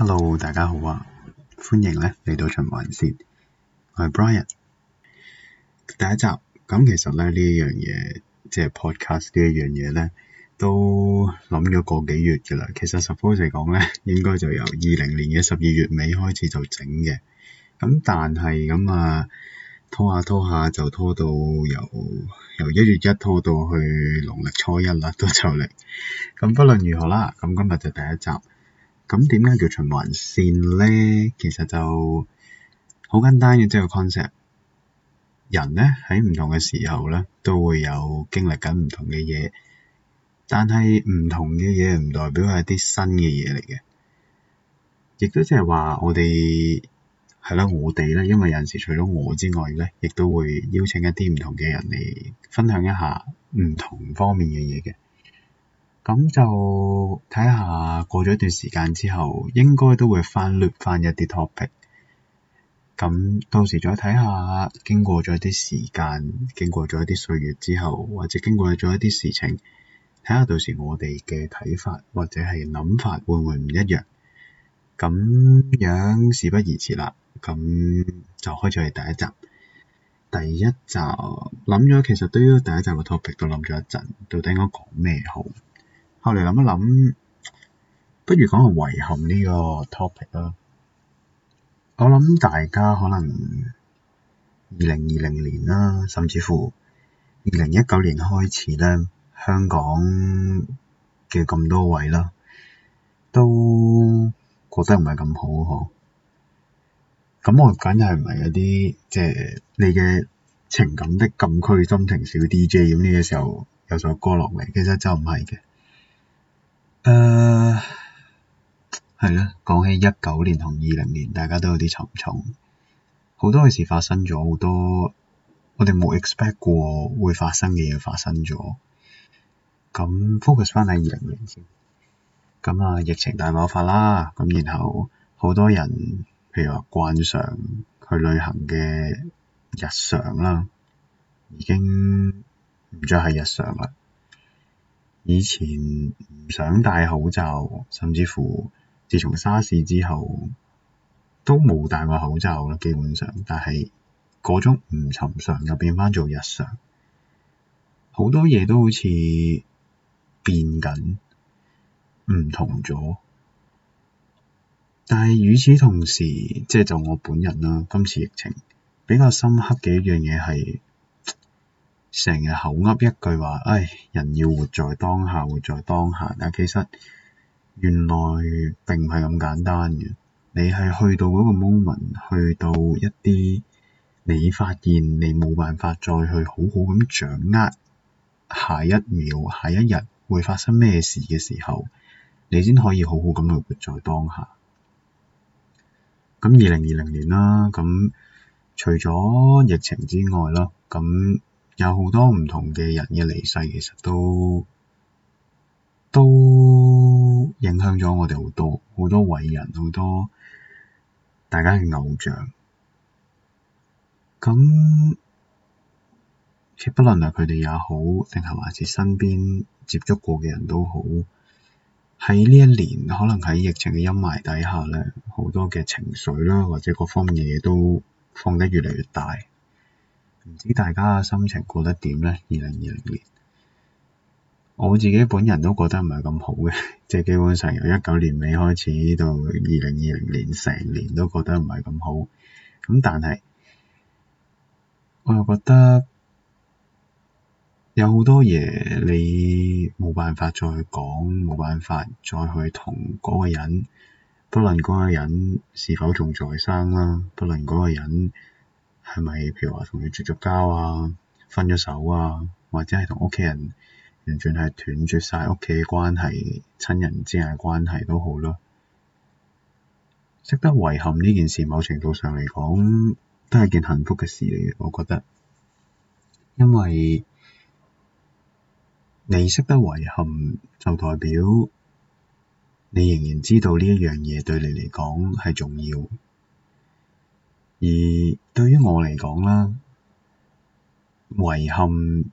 Hello，大家好啊！歡迎咧嚟到循環線，我係 Brian。第一集咁，其實咧呢樣嘢，即係 podcast 呢樣嘢咧，都諗咗個幾月噶啦。其實 suppose 嚟講咧，應該就由二零年嘅十二月尾開始就整嘅。咁但係咁啊，拖下拖下就拖到由由一月一拖到去農曆初一啦，都就嚟。咁不論如何啦，咁今日就第一集。咁點解叫循環線咧？其實就好簡單嘅一個 concept。人咧喺唔同嘅時候咧，都會有經歷緊唔同嘅嘢，但係唔同嘅嘢唔代表係啲新嘅嘢嚟嘅。亦都即係話我哋係啦，我哋咧，因為有時除咗我之外咧，亦都會邀請一啲唔同嘅人嚟分享一下唔同方面嘅嘢嘅。咁就睇下過咗一段時間之後，應該都會翻捋翻一啲 topic。咁到時再睇下，經過咗一啲時間，經過咗一啲歲月之後，或者經過咗一啲事情，睇下到時我哋嘅睇法或者係諗法會唔會唔一樣？咁樣事不宜遲啦，咁就開始第一集。第一集諗咗，其實對於第一集嘅 topic 都諗咗一陣，到底應該講咩好？我哋諗一諗，不如講下遺憾呢個 topic 啦。我諗大家可能二零二零年啦，甚至乎二零一九年開始咧，香港嘅咁多位啦，都過得唔係咁好嗬。咁我講嘢係唔係有啲即係你嘅情感的禁區？心情小 DJ 咁呢個時候有首歌落嚟，其實就唔係嘅。誒，係啦，uh，講起一九年同二零年，大家都有啲沉重，好多嘅事發生咗，好多我哋冇 expect 過會發生嘅嘢發生咗。咁 focus 翻喺二零年先，咁啊，疫情大爆發啦，咁然後好多人，譬如話慣常去旅行嘅日常啦，已經唔再係日常啦。以前唔想戴口罩，甚至乎自從沙士之後都冇戴過口罩啦，基本上。但係嗰種唔尋常又變翻做日常，好多嘢都好似變緊唔同咗。但係與此同時，即係就我本人啦，今次疫情比較深刻嘅一樣嘢係。成日口噏一句話，唉、哎，人要活在當下，活在當下啊！但其實原來並唔係咁簡單嘅。你係去到嗰個 moment，去到一啲你發現你冇辦法再去好好咁掌握下一秒、下一日會發生咩事嘅時候，你先可以好好咁去活在當下。咁二零二零年啦，咁除咗疫情之外啦，咁有好多唔同嘅人嘅離世，其實都都影響咗我哋好多，好多偉人，好多大家嘅偶像。咁，其不論係佢哋也好，定係還是身邊接觸過嘅人都好，喺呢一年，可能喺疫情嘅陰霾底下咧，好多嘅情緒啦，或者各方面嘢都放得越嚟越大。唔知大家心情過得點呢？二零二零年，我自己本人都覺得唔係咁好嘅，即 係基本上由一九年尾開始到二零二零年成年都覺得唔係咁好。咁但係我又覺得有好多嘢你冇辦法再去講，冇辦法再去同嗰個人，不論嗰個人是否仲在生啦，不論嗰個人。係咪譬如話同佢絕咗交啊、分咗手啊，或者係同屋企人完全係斷絕晒屋企嘅關係、親人之間嘅關係都好咯。識得遺憾呢件事，某程度上嚟講，都係件幸福嘅事嚟，我覺得。因為你識得遺憾，就代表你仍然知道呢一樣嘢對你嚟講係重要。而對於我嚟講啦，遺憾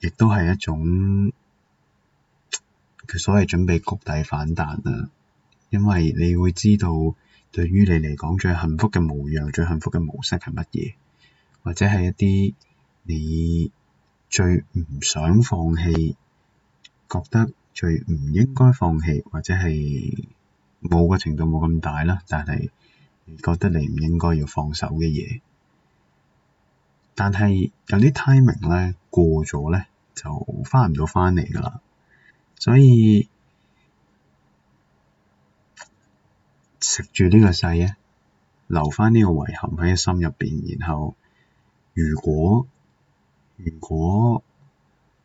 亦都係一種佢所謂準備谷底反彈啊，因為你會知道，對於你嚟講最幸福嘅模樣、最幸福嘅模式係乜嘢，或者係一啲你最唔想放棄，覺得最唔應該放棄，或者係冇個程度冇咁大啦，但係。你覺得你唔應該要放手嘅嘢，但係有啲 timing 咧過咗咧就翻唔到翻嚟噶啦，所以食住呢個勢，留翻呢個遺憾喺心入邊，然後如果如果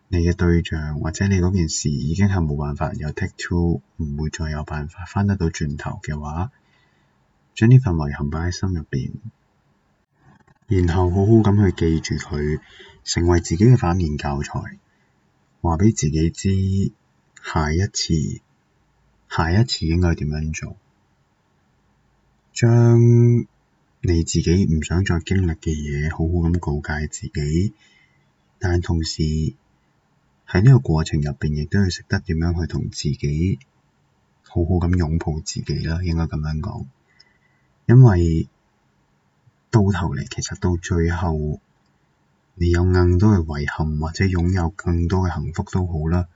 你嘅對象或者你嗰件事已經係冇辦法有 take two，唔會再有辦法翻得到轉頭嘅話。將呢份遺憾擺喺心入邊，然後好好咁去記住佢，成為自己嘅反面教材，話畀自己知下一次下一次應該點樣做。將你自己唔想再經歷嘅嘢，好好咁告誡自己。但同時喺呢個過程入邊，亦都要識得點樣去同自己好好咁擁抱自己啦。應該咁樣講。因為到頭嚟，其實到最後，你有更多嘅遺憾，或者擁有更多嘅幸福都好啦。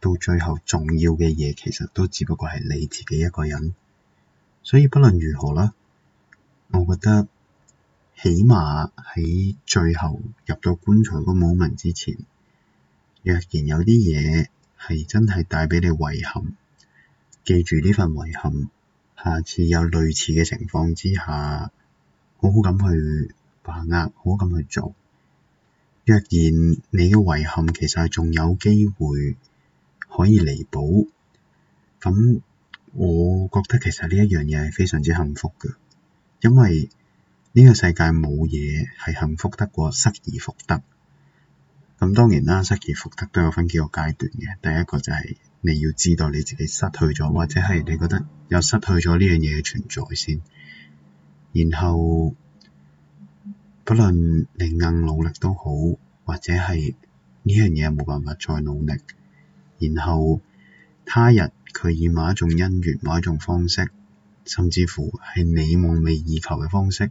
到最後重要嘅嘢，其實都只不過係你自己一個人。所以不論如何啦，我覺得起碼喺最後入到棺材個 moment 之前，若然有啲嘢係真係帶畀你遺憾，記住呢份遺憾。下次有類似嘅情況之下，好好咁去把握，好好咁去做。若然你嘅遺憾其實係仲有機會可以彌補，咁我覺得其實呢一樣嘢係非常之幸福嘅，因為呢個世界冇嘢係幸福得過失而復得。咁當然啦，失而復得都有分幾個階段嘅，第一個就係、是。你要知道你自己失去咗，或者係你覺得又失去咗呢樣嘢嘅存在先。然後不論你硬努力都好，或者係呢樣嘢冇辦法再努力。然後他日佢以某一種恩怨，某一種方式，甚至乎係你夢寐以求嘅方式，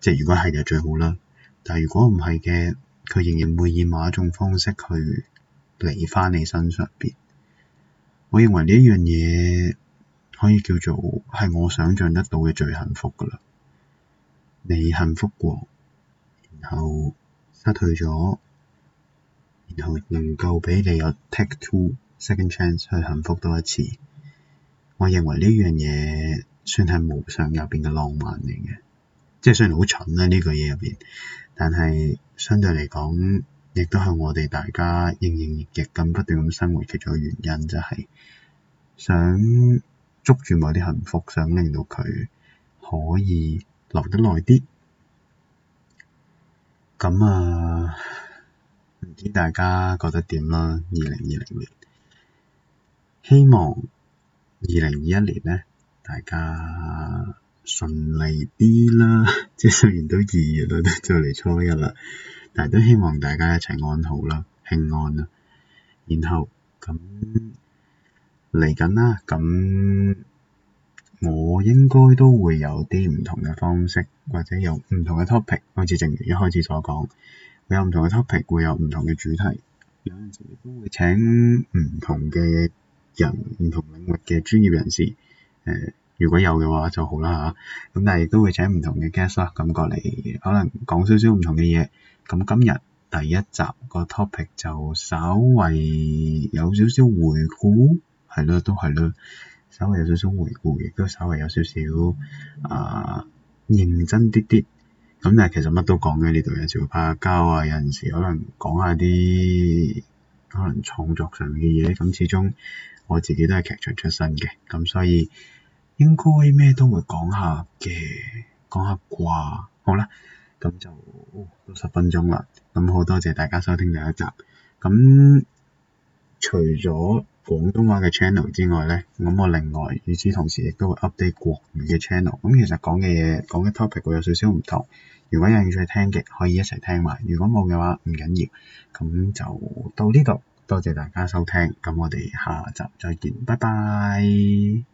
即係如果係就最好啦。但係如果唔係嘅，佢仍然會以某一種方式去嚟返你身上邊。我認為呢一樣嘢，可以叫做係我想象得到嘅最幸福噶啦。你幸福過，然後失去咗，然後能夠畀你有 take two second chance 去幸福多一次。我認為呢樣嘢算係無上入邊嘅浪漫嚟嘅，即係雖然好蠢呀呢句嘢入邊，但係相對嚟講。亦都係我哋大家營營役役咁不斷咁生活其中嘅原因，就係想捉住某啲幸福，想令到佢可以留得耐啲。咁啊，唔知大家覺得點啦？二零二零年，希望二零二一年咧，大家順利啲啦。 即係雖然都二月啦，都就嚟初一啦。但係都希望大家一齊安好啦、平安啦，然後咁嚟緊啦，咁我應該都會有啲唔同嘅方式，或者有唔同嘅 topic，好似正如一開始所講，會有唔同嘅 topic 會有唔同嘅主題，有陣時都會請唔同嘅人、唔同領域嘅專業人士，誒、呃，如果有嘅話就好啦嚇，咁、啊、但係亦都會請唔同嘅 guest 啦，感覺嚟可能講少少唔同嘅嘢。咁今日第一集個 topic 就稍微有少少回顧，係咯，都係咯，稍微有少少回顧亦都稍微有少少啊、呃、認真啲啲。咁但係其實乜都講嘅呢度，有時會拍下膠啊，有陣時可能講下啲可能創作上面嘅嘢。咁始終我自己都係劇場出身嘅，咁所以應該咩都會講下嘅，講下啩，好啦。咁就、哦、都十分鐘啦，咁好多謝大家收聽第一集。咁除咗廣東話嘅 channel 之外咧，咁我另外與此同時亦都會 update 國語嘅 channel。咁其實講嘅嘢，講嘅 topic 會有少少唔同。如果有人趣聽嘅有興趣聽嘅，可以一齊聽埋；如果冇嘅話，唔緊要。咁就到呢度，多謝大家收聽。咁我哋下集再見，拜拜。